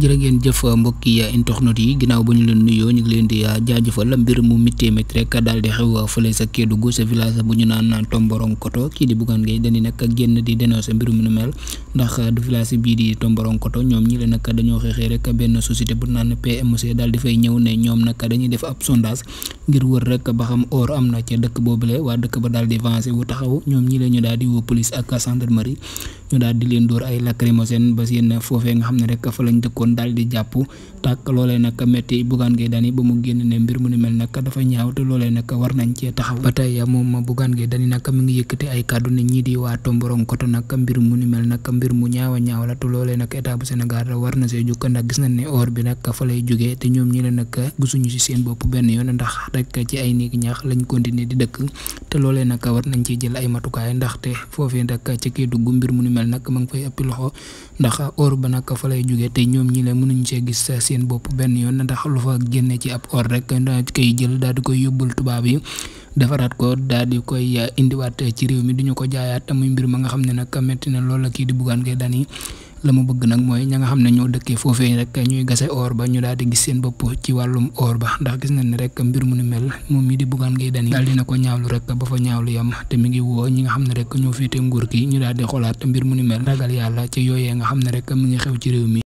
jere ngeen jëf mbokki internet yi ginaaw ba leen nuyo ñu ngi leen di ah, jaajëfal mbir mu mité métti rek dal di xew lay sa Kédougou sa village bu ñu naan koto ki di bugan Gueye dañi nak genn di dénoncer mbir mu mel ndax du village bi di koto ñom ñi la nak dañoo xexé rek ben société bu naan PMC dal di fay ñew ne ñom nak dañuy def ab sondage ngir wër rek ba xam or amna ci dëkk le wa dëkk ba dal di vancé wu taxaw ñom ñi la ñu dal di woo police ak gendarmerie ñu daal di leen door ay lacrymogène ba seen foofee nga xam ne rek fa lañ dëkkoon daal di jàpp tàkk loolee nag metti Bougane Gueye dani ba mu génn ne mbir mu ni mel nag dafa ñaaw te loolee nag war nañ cee taxaw ba tey moom Bougane Gueye dani nag mi ngi yëkkati ay kàddu ne ñii di waa koto nag mbir mu ni mel nag mbir mu ñaaw a ñaaw la te loolee nag état bu Sénégal war na see jukka ndax gis nañ ne or bi nag fa lay jógee te ñoom ñi la nag gisuñu si seen bopp benn yoon ndax rek ci ay néeg ñaax lañ continuer di dëkk te loolee nag war nañ ci jël ay matukaay ndaxte foofee nag ci kii dugg mbir mu ni mel mel nag ma ngi fay ëppi loxo ndax or ba nag fa lay jógee te ñoom ñi le mënuñ see gis seen bopp benn yoon na ndax lu fa génne ci ab or rek daa koy jël daal di koy yóbbul tubaab yi defaraat ko daal di koy indiwaat ci réew mi duñu ko jaayaat muy mbir ma nga xam ne nag metti ne loolu la kii di buggaan ngay daan la mu bëgg nag mooy ña nga xam ne ñoo dëkkee foofee rek ñuy gase or ba ñu daal di gis seen bopp ci wàllum or ba ndax gis nañ ne rek mbir mu nu mel moom mii di Bougane Gueye Dany daal dina ko ñaawlu rek ba fa ñaawlu yam te mi ngi woo ñi nga xam ne rek ñoo féete nguur gi ñu daal di xoolaat mbir mu nu mel ragal yàlla ci yooyee nga xam ne rek mi ngi xew ci réew mi